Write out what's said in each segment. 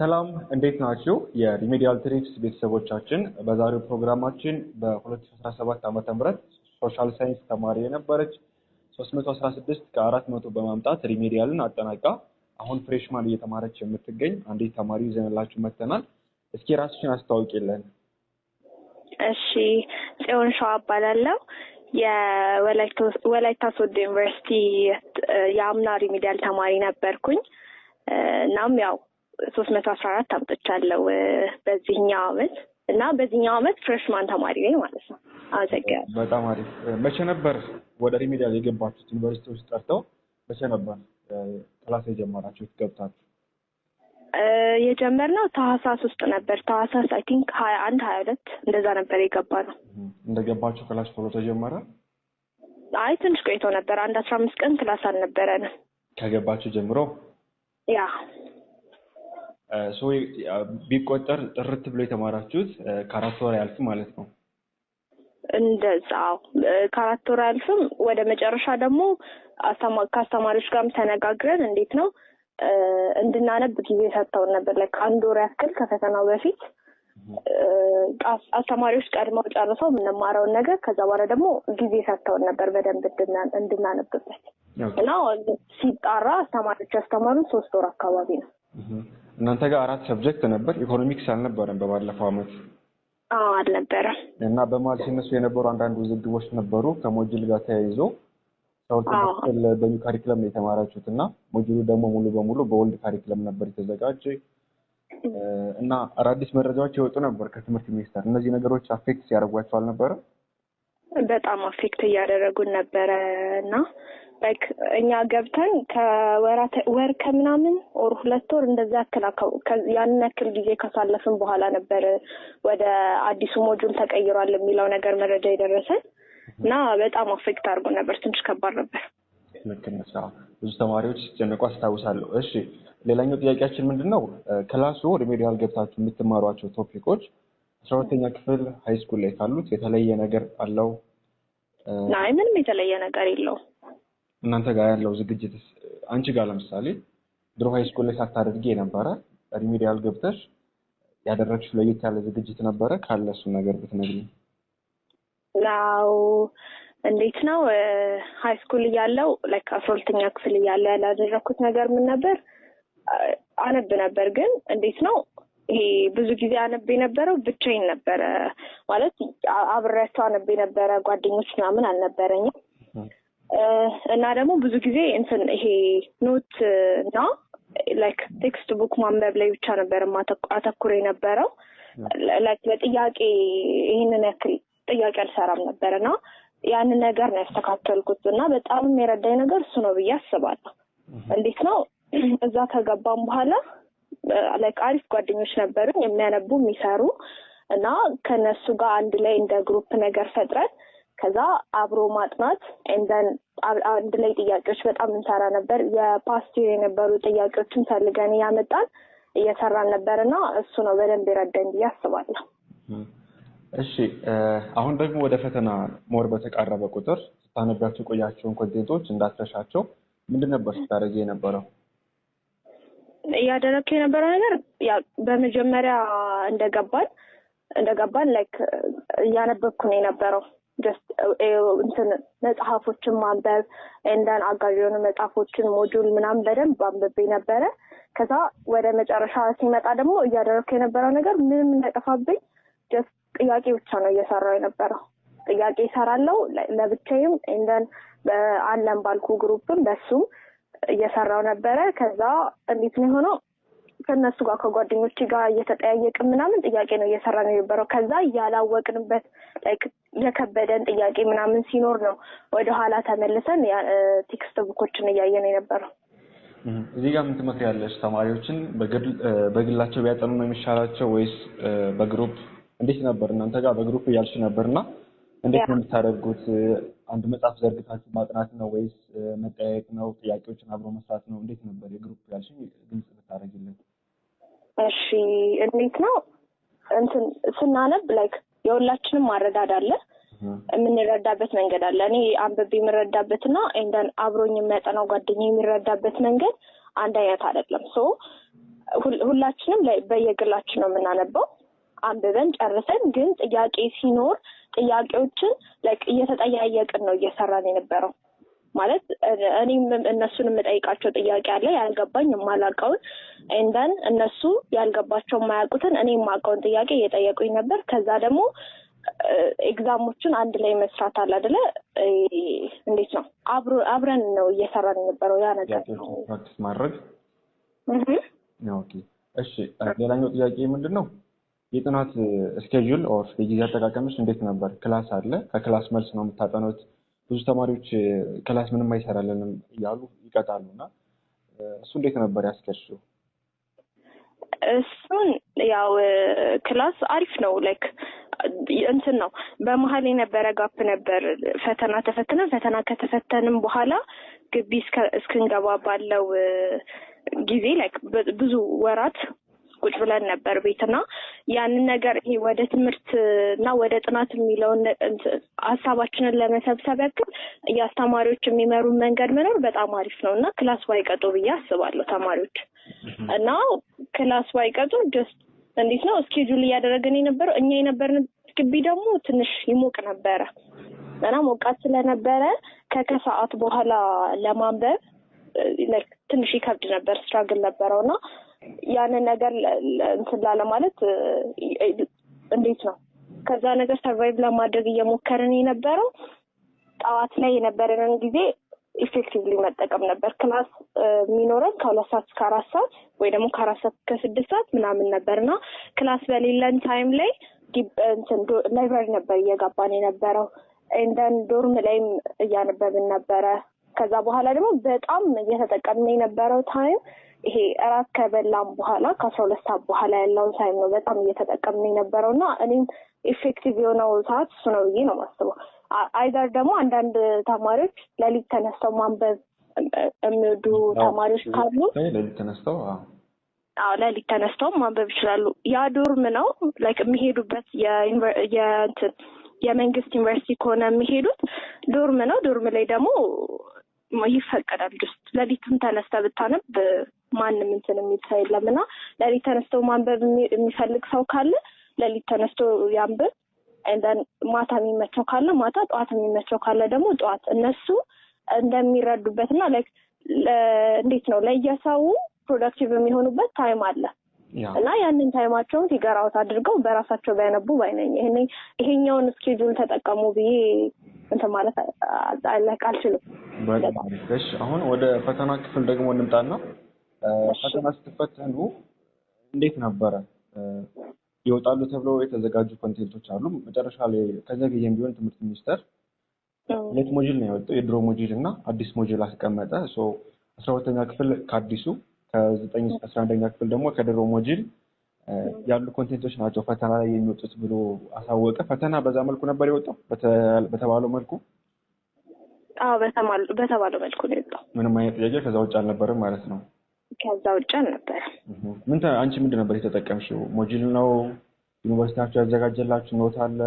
ሰላም እንዴት ናችሁ? የሪሜዲያል ትሪክስ ቤተሰቦቻችን በዛሬው ፕሮግራማችን በ2017 ዓ ም ሶሻል ሳይንስ ተማሪ የነበረች 316 ከ400 በማምጣት ሪሜዲያልን አጠናቃ አሁን ፍሬሽማን እየተማረች የምትገኝ አንዲት ተማሪ ይዘንላችሁ መጥተናል። እስኪ ራስሽን አስተዋውቂልን። እሺ፣ ጽዮን ሸዋ እባላለሁ። የወላይታ ሶዶ ዩኒቨርሲቲ የአምና ሪሜዲያል ተማሪ ነበርኩኝ። እናም ያው ሶስት መቶ አስራ አራት አምጥቻለሁ በዚህኛው አመት እና በዚህኛው አመት ፍሬሽማን ተማሪ ነኝ ማለት ነው። አመሰግናለሁ። በጣም አሪፍ። መቼ ነበር ወደ ሪሚዲያል የገባችሁት? ዩኒቨርሲቲ ውስጥ ጠርተው መቼ ነበር ክላስ የጀመራችሁት ገብታችሁ? የጀመርነው ታህሳስ ውስጥ ነበር። ታህሳስ አይ ቲንክ ሀያ አንድ ሀያ ሁለት እንደዛ ነበር የገባ ነው። እንደገባችሁ ክላስ ቶሎ ተጀመረ? አይ ትንሽ ቆይቶ ነበር። አንድ አስራ አምስት ቀን ክላስ አልነበረንም ከገባችሁ ጀምሮ ያ ቢቆጠር ጥርት ብሎ የተማራችሁት ከአራት ወር ያልፍ ማለት ነው። እንደዛ ከአራት ወር አልፍም ወደ መጨረሻ ደግሞ ከአስተማሪዎች ጋርም ተነጋግረን እንዴት ነው እንድናነብ ጊዜ ሰጥተውን ነበር። ላይ ከአንድ ወር ያክል ከፈተናው በፊት አስተማሪዎች ቀድመው ጨርሰው የምንማረውን ነገር ከዛ በኋላ ደግሞ ጊዜ ሰጥተውን ነበር በደንብ እንድናነብበት እና ሲጣራ አስተማሪዎች ያስተማሩን ሶስት ወር አካባቢ ነው። እናንተ ጋር አራት ሰብጀክት ነበር። ኢኮኖሚክስ አልነበረም በባለፈው አመት? አዎ አልነበረም። እና በመሀል ሲነሱ የነበሩ አንዳንድ ውዝግቦች ነበሩ ከሞጅል ጋር ተያይዞ ሰውል በኒው ካሪክለም ነው የተማራችሁት እና ሞጅሉ ደግሞ ሙሉ በሙሉ በወልድ ካሪክለም ነበር የተዘጋጀ እና አዳዲስ መረጃዎች የወጡ ነበር ከትምህርት ሚኒስቴር። እነዚህ ነገሮች አፌክት ሲያደርጓቸው አልነበረም? በጣም አፌክት እያደረጉን ነበረ እና ላይክ እኛ ገብተን ከወራት ወር ከምናምን ኦር ሁለት ወር እንደዛ ያክል ያንን ያክል ጊዜ ካሳለፍን በኋላ ነበር ወደ አዲሱ ሞጁል ተቀይሯል የሚለው ነገር መረጃ የደረሰን እና በጣም አፌክት አድርጎ ነበር። ትንሽ ከባድ ነበር። ብዙ ተማሪዎች ሲጨነቁ አስታውሳለሁ። እሺ፣ ሌላኛው ጥያቄያችን ምንድን ነው? ክላሱ ወደ ሜዲያል ገብታችሁ የምትማሯቸው ቶፒኮች አስራ ሁለተኛ ክፍል ሃይስኩል ላይ ካሉት የተለየ ነገር አለው? ምንም የተለየ ነገር የለው እናንተ ጋር ያለው ዝግጅት አንቺ ጋር ለምሳሌ ድሮ ሃይ ስኩል ላይ ሳታደርጊ የነበረ ሪሚዲያል ገብተሽ ያደረግሽ ለየት ያለ ዝግጅት ነበረ ካለ እሱን ነገር ብትነግሪኝ። ያው እንዴት ነው ሃይ ስኩል እያለው ላይክ አስራ ሁለተኛ ክፍል እያለው ያላደረግኩት ነገር ምን ነበር? አነብ ነበር ግን እንዴት ነው ይሄ ብዙ ጊዜ አነብ የነበረው ብቻዬን ነበረ። ማለት አብሬያቸው አነብ የነበረ ጓደኞች ምናምን አልነበረኝም። እና ደግሞ ብዙ ጊዜ እንትን ይሄ ኖት እና ላይክ ቴክስት ቡክ ማንበብ ላይ ብቻ ነበር አተኩር የነበረው። ላይክ ለጥያቄ ይህንን ያክል ጥያቄ አልሰራም ነበር እና ያንን ነገር ነው ያስተካከልኩት እና በጣም የረዳኝ ነገር እሱ ነው ብዬ አስባለሁ። እንዴት ነው እዛ ከገባም በኋላ ላይክ አሪፍ ጓደኞች ነበሩኝ የሚያነቡ የሚሰሩ እና ከነሱ ጋር አንድ ላይ እንደ ግሩፕ ነገር ፈጥረን ከዛ አብሮ ማጥናት ንን አንድ ላይ ጥያቄዎች በጣም እንሰራ ነበር። የፓስቲ የነበሩ ጥያቄዎችን ፈልገን እያመጣን እየሰራን ነበር እና እሱ ነው በደንብ ይረደን ብዬ አስባለሁ። እሺ አሁን ደግሞ ወደ ፈተና ሞር በተቃረበ ቁጥር ስታነቢያቸው ቆያቸውን ኮንቴንቶች እንዳትረሻቸው ምንድን ነበር ስታደረግ የነበረው? እያደረግ የነበረው ነገር በመጀመሪያ እንደገባን እንደገባን ላይክ እያነበብኩ ነው የነበረው Uh, እንትን መጽሐፎችን ማንበብ ኤንደን አጋዥ የሆኑ መጽሐፎችን ሞጁል ምናምን በደንብ አንብቤ ነበረ። ከዛ ወደ መጨረሻ ሲመጣ ደግሞ እያደረግኩ የነበረው ነገር ምንም እንዳይጠፋብኝ ጀስት ጥያቄ ብቻ ነው እየሰራው የነበረው። ጥያቄ ይሰራለው ለብቻዬም ኤንደን አለን ባልኩ ግሩፕም በሱም እየሰራው ነበረ። ከዛ እንዴት ነው የሆነው ከእነሱ ጋር ከጓደኞች ጋር እየተጠያየቅ ምናምን ጥያቄ ነው እየሰራ ነው የነበረው። ከዛ እያላወቅንበት የከበደን ጥያቄ ምናምን ሲኖር ነው ወደኋላ ተመልሰን ቴክስት ቡኮችን እያየ ነው የነበረው። እዚህ ጋር ምን ትመክሪያለሽ? ተማሪዎችን በግላቸው ቢያጠኑ ነው የሚሻላቸው ወይስ በግሩፕ? እንዴት ነበር እናንተ ጋር በግሩፕ እያልሽ ነበር እና እንዴት ነው የምታደርጉት? አንድ መጽሐፍ ዘርግታችሁ ማጥናት ነው ወይስ መጠያየቅ ነው? ጥያቄዎችን አብሮ መስራት ነው? እንዴት ነበር የግሩፕ ያልሽኝ? ግልጽ ብታደርጊልን። እሺ እንዴት ነው እንትን ስናነብ ላይክ የሁላችንም ማረዳድ አለ የምንረዳበት መንገድ አለ እኔ አንብቤ የምረዳበት ና እንደን አብሮኝ የሚያጠናው ጓደኛ የሚረዳበት መንገድ አንድ አይነት አይደለም ሶ ሁላችንም በየግላችን ነው የምናነበው አንብበን ጨርሰን ግን ጥያቄ ሲኖር ጥያቄዎችን እየተጠያየቅን ነው እየሰራን የነበረው ማለት እኔም እነሱን የምጠይቃቸው ጥያቄ አለ ያልገባኝ የማላውቀውን እንደን እነሱ ያልገባቸው የማያውቁትን እኔ የማውቀውን ጥያቄ እየጠየቁኝ ነበር። ከዛ ደግሞ ኤግዛሞቹን አንድ ላይ መስራት አለ አደለ እንዴት ነው አብረን ነው እየሰራን የነበረው ያ ነገር ማድረግ። እሺ ሌላኛው ጥያቄ ምንድን ነው? የጥናት ስኬጁል ኦር የጊዜ አጠቃቀምች እንዴት ነበር? ክላስ አለ ከክላስ መልስ ነው የምታጠኑት? ብዙ ተማሪዎች ክላስ ምንም አይሰራልንም እያሉ ይቀጣሉ እና እሱ እንዴት ነበር ያስኬድሽው? እሱን ያው ክላስ አሪፍ ነው ላይክ እንትን ነው በመሀል የነበረ ጋፕ ነበር። ፈተና ተፈትነ ፈተና ከተፈተንም በኋላ ግቢ እስክንገባ ባለው ጊዜ ላይክ ብዙ ወራት ቁጭ ብለን ነበር ቤትና ያንን ነገር ይሄ ወደ ትምህርት እና ወደ ጥናት የሚለውን ሀሳባችንን ለመሰብሰብ ያክል የአስተማሪዎች የሚመሩን መንገድ መኖር በጣም አሪፍ ነው እና ክላስ ባይቀጡ ብዬ አስባለሁ ተማሪዎች እና ክላስ ባይቀጡ ጀስት እንዴት ነው እስኬጁል እያደረገን የነበረው እኛ የነበርን ግቢ ደግሞ ትንሽ ይሞቅ ነበረ እና ሞቃት ስለነበረ ከከሰዓት በኋላ ለማንበብ ትንሽ ይከብድ ነበር፣ ስትራግል ነበረው እና ያንን ነገር እንትን ላለማለት እንዴት ነው ከዛ ነገር ሰርቫይቭ ለማድረግ እየሞከርን የነበረው ጠዋት ላይ የነበረንን ጊዜ ኢፌክቲቭሊ መጠቀም ነበር። ክላስ የሚኖረን ከሁለት ሰዓት እስከ አራት ሰዓት ወይ ደግሞ ከአራት ሰዓት እስከ ስድስት ሰዓት ምናምን ነበር እና ክላስ በሌለን ታይም ላይ ላይብራሪ ነበር እየገባን የነበረው እንደን ዶርም ላይም እያነበብን ነበረ። ከዛ በኋላ ደግሞ በጣም እየተጠቀምን የነበረው ታይም ይሄ እራት ከበላም በኋላ ከአስራ ሁለት ሰዓት በኋላ ያለውን ታይም ነው በጣም እየተጠቀምን የነበረው እና እኔም ኢፌክቲቭ የሆነው ሰዓት እሱ ነው ብዬ ነው የማስበው። አይዘር ደግሞ አንዳንድ ተማሪዎች ለሊት ተነስተው ማንበብ የሚወዱ ተማሪዎች ካሉ ተነስተው አዎ ለሊት ተነስተው ማንበብ ይችላሉ። ያ ዶርም ነው ላይክ የሚሄዱበት የእንትን የመንግስት ዩኒቨርሲቲ ከሆነ የሚሄዱት ዶርም ነው። ዶርም ላይ ደግሞ ይፈቀዳል። ጁስት ለሊትም ተነስተ ብታነብ ማንም እንትን የሚል ሰው የለም እና ለሊት ተነስቶ ማንበብ የሚፈልግ ሰው ካለ ለሊት ተነስቶ ያንብብ። እንደን ማታ የሚመቸው ካለ ማታ፣ ጠዋት የሚመቸው ካለ ደግሞ ጠዋት እነሱ እንደሚረዱበት እና እንዴት ነው ለየሰው ፕሮዳክቲቭ የሚሆኑበት ታይም አለ እና ያንን ታይማቸውን ሲገራውት አድርገው በራሳቸው ቢያነቡ ባይነኝ ይሄኛውን እስኬጁል ተጠቀሙ ብዬ እንትን ማለት አልችልም። አሁን ወደ ፈተና ክፍል ደግሞ እንምጣና ፈተና ስትፈተኑ እንዴት ነበረ? ይወጣሉ ተብለው የተዘጋጁ ኮንቴንቶች አሉ። መጨረሻ ላይ ጊዜም ቢሆን ትምህርት ሚኒስቴር ሁለት ሞጅል ነው ያወጣው፣ የድሮ ሞጅል እና አዲስ ሞጅል አስቀመጠ። አስራ ሁለተኛ ክፍል ከአዲሱ ከዘጠኝ እስከ አስራ አንደኛ ክፍል ደግሞ ከድሮ ሞጅል ያሉ ኮንቴንቶች ናቸው ፈተና ላይ የሚወጡት ብሎ አሳወቀ። ፈተና በዛ መልኩ ነበር የወጣው፣ በተባለው መልኩ በተባለው መልኩ ነው የወጣው። ምንም አይነት ጥያቄ ከዛ ውጭ አልነበረም ማለት ነው። ከዛ ውጭ አልነበረም። ምን አንቺ ምንድን ነበር የተጠቀምሽው? ሞጅል ነው ዩኒቨርሲቲያቸው ያዘጋጀላችሁ ኖት አለ?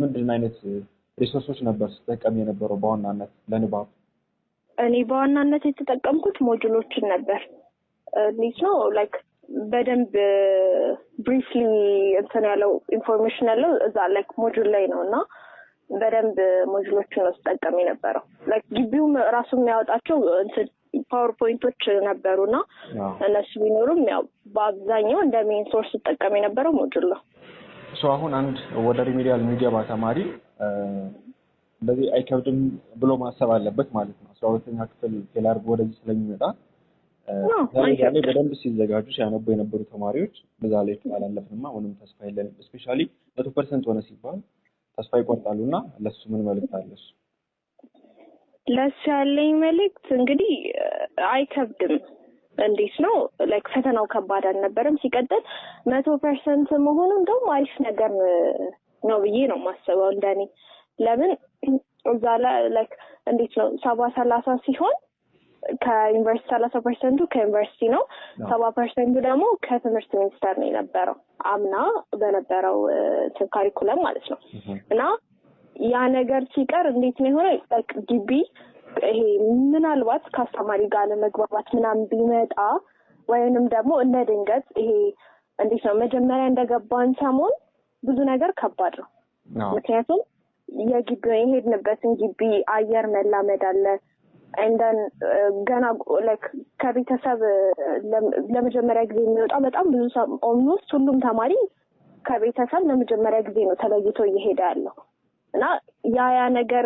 ምንድን አይነት ሪሶርሶች ነበር ስጠቀም የነበረው በዋናነት ለንባብ? እኔ በዋናነት የተጠቀምኩት ሞጁሎችን ነበር። እንዴት ነው ላይክ በደንብ ብሪፍሊ እንትን ያለው ኢንፎርሜሽን ያለው እዛ ላይክ ሞጁል ላይ ነው እና በደንብ ሞጁሎችን ነው ስጠቀም የነበረው ላይክ ግቢውም ራሱ የሚያወጣቸው እንትን ፓወር ነበሩ ነበሩና እነሱ ቢኖሩም ያው በአብዛኛው እንደ ሜን ሶርስ ስጠቀም የነበረው ሞጁል ነው። አሁን አንድ ወደ ሪሚዲያል የሚገባ ተማሪ እንደዚህ አይከብድም ብሎ ማሰብ አለበት ማለት ነው። አስራ ሁለተኛ ክፍል ቴላር ወደዚህ ስለሚመጣ ላይ በደንብ ሲዘጋጁ ሲያነቡ የነበሩ ተማሪዎች በዛ ላይ አላለፍንማ ምንም ተስፋ የለንም፣ ስፔሻሊ መቶ ፐርሰንት ሆነ ሲባል ተስፋ ይቆርጣሉ እና ለሱ ምን መልዕክት አለሽ? ለሱ ያለኝ መልእክት እንግዲህ አይከብድም። እንዴት ነው ላይክ ፈተናው ከባድ አልነበረም። ሲቀጥል መቶ ፐርሰንት መሆኑ እንደውም አሪፍ ነገር ነው ብዬ ነው የማስበው እንደኔ። ለምን እዛ ላይክ እንዴት ነው ሰባ ሰላሳ ሲሆን ከዩኒቨርሲቲ ሰላሳ ፐርሰንቱ ከዩኒቨርሲቲ ነው፣ ሰባ ፐርሰንቱ ደግሞ ከትምህርት ሚኒስተር ነው የነበረው አምና በነበረው ካሪኩለም uh, ማለት ነው እና ያ ነገር ሲቀር እንዴት ነው የሆነ በቃ ግቢ ይሄ ምናልባት ከአስተማሪ ጋር ለመግባባት ምናምን ቢመጣ ወይንም ደግሞ እንደ ድንገት ይሄ እንዴት ነው መጀመሪያ እንደገባን ሰሞን ብዙ ነገር ከባድ ነው። ምክንያቱም የግቢ የሄድንበትን ግቢ አየር መላመድ አለ። እንደን uh, ገና ላይክ ከቤተሰብ ለመጀመሪያ ጊዜ የሚወጣ በጣም ብዙ ኦልሞስት ሁሉም ተማሪ ከቤተሰብ ለመጀመሪያ ጊዜ ነው ተለይቶ እየሄደ ያለው። እና ያ ያ ነገር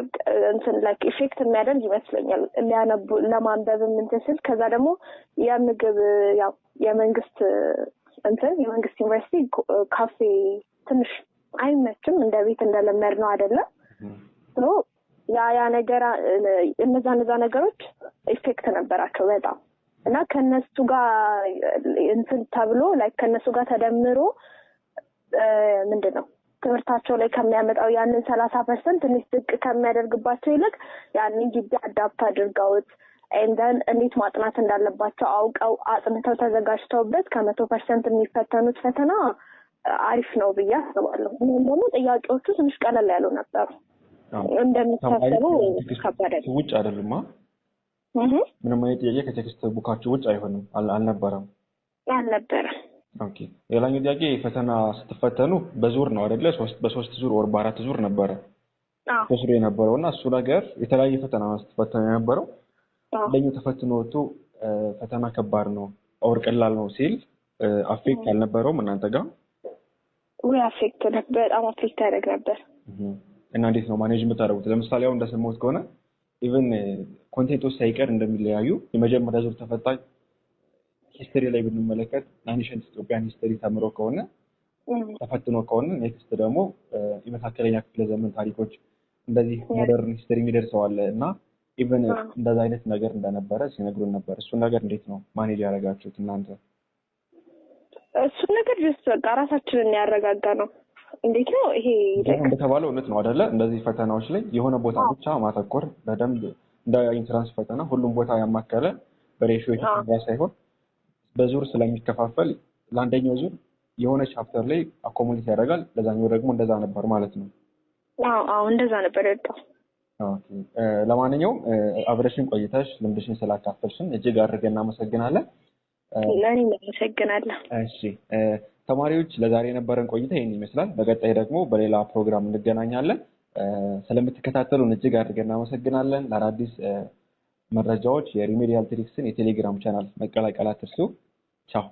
እንትን ላይክ ኢፌክት የሚያደርግ ይመስለኛል ሊያነቡ ለማንበብ እንትን ስል ከዛ ደግሞ የምግብ ያው የመንግስት እንትን የመንግስት ዩኒቨርሲቲ ካፌ ትንሽ አይመችም እንደ ቤት እንደለመድ ነው አይደለም ያ ያ ነገር እነዛ እነዛ ነገሮች ኢፌክት ነበራቸው በጣም እና ከነሱ ጋር እንትን ተብሎ ከነሱ ጋር ተደምሮ ምንድን ነው ትምህርታቸው ላይ ከሚያመጣው ያንን ሰላሳ ፐርሰንት ትንሽ ዝቅ ከሚያደርግባቸው ይልቅ ያንን ጊዜ አዳፕት አድርገውት ኤንደን እንዴት ማጥናት እንዳለባቸው አውቀው አጥንተው ተዘጋጅተውበት ከመቶ ፐርሰንት የሚፈተኑት ፈተና አሪፍ ነው ብዬ አስባለሁ። ይህም ደግሞ ጥያቄዎቹ ትንሽ ቀለል ያሉ ነበሩ። እንደሚታሰበው ከባድ ውጭ አይደለማ። ምንም አይነት ጥያቄ ከቴክስት ቡካቸው ውጭ አይሆንም። አልነበረም አልነበረም ኦኬ ሌላኛው ጥያቄ ፈተና ስትፈተኑ በዙር ነው አይደለ? በሶስት ዙር ወር በአራት ዙር ነበረ ተሽሮ የነበረው እና እሱ ነገር የተለያየ ፈተና ስትፈተኑ የነበረው ለኛው ተፈትኖ ወጥቶ ፈተና ከባድ ነው ኦር ቀላል ነው ሲል አፌክት አልነበረውም እናንተ ጋር? ወይ አፌክት በጣም አፌክት ያደርግ ነበር። እና እንዴት ነው ማኔጅ የምታደርጉት? ለምሳሌ አሁን እንደሰማሁት ከሆነ ኢቨን ኮንቴንቶች ሳይቀር እንደሚለያዩ የመጀመሪያ ዙር ተፈታኝ ሂስትሪ ላይ ብንመለከት አንሸንት ኢትዮጵያን ሂስትሪ ተምሮ ከሆነ ተፈትኖ ከሆነ ኔክስት ደግሞ የመካከለኛ ክፍለ ዘመን ታሪኮች እንደዚህ ሞደርን ሂስትሪ የሚደርሰዋለ እና ኢቨን እንደዛ አይነት ነገር እንደነበረ ሲነግሩን ነበር። እሱን ነገር እንዴት ነው ማኔጅ ያደረጋችሁት እናንተ? እሱን ነገር ጀስት በቃ ራሳችንን ያረጋጋ ነው። እንዴት ነው ይሄ እንደተባለው እውነት ነው አደለ? እንደዚህ ፈተናዎች ላይ የሆነ ቦታ ብቻ ማተኮር በደንብ እንደ ኢንትራንስ ፈተና ሁሉም ቦታ ያማከለ በሬሽዮ የተሰራ ሳይሆን በዙር ስለሚከፋፈል ለአንደኛው ዙር የሆነ ቻፕተር ላይ አኮሞዴት ያደርጋል፣ ለዛኛው ደግሞ እንደዛ ነበር ማለት ነው። አዎ እንደዛ ነበር የወጣው። ለማንኛውም አብረሽን ቆይተሽ ልምድሽን ስላካፈልሽን እጅግ አድርገን እናመሰግናለን። ለእኔ እሺ ተማሪዎች፣ ለዛሬ የነበረን ቆይታ ይህን ይመስላል። በቀጣይ ደግሞ በሌላ ፕሮግራም እንገናኛለን። ስለምትከታተሉን እጅግ አድርገን እናመሰግናለን። ለአዳዲስ መረጃዎች የሪሜዲያል ቴክስን የቴሌግራም ቻናል መቀላቀል አትርሱ። ቻው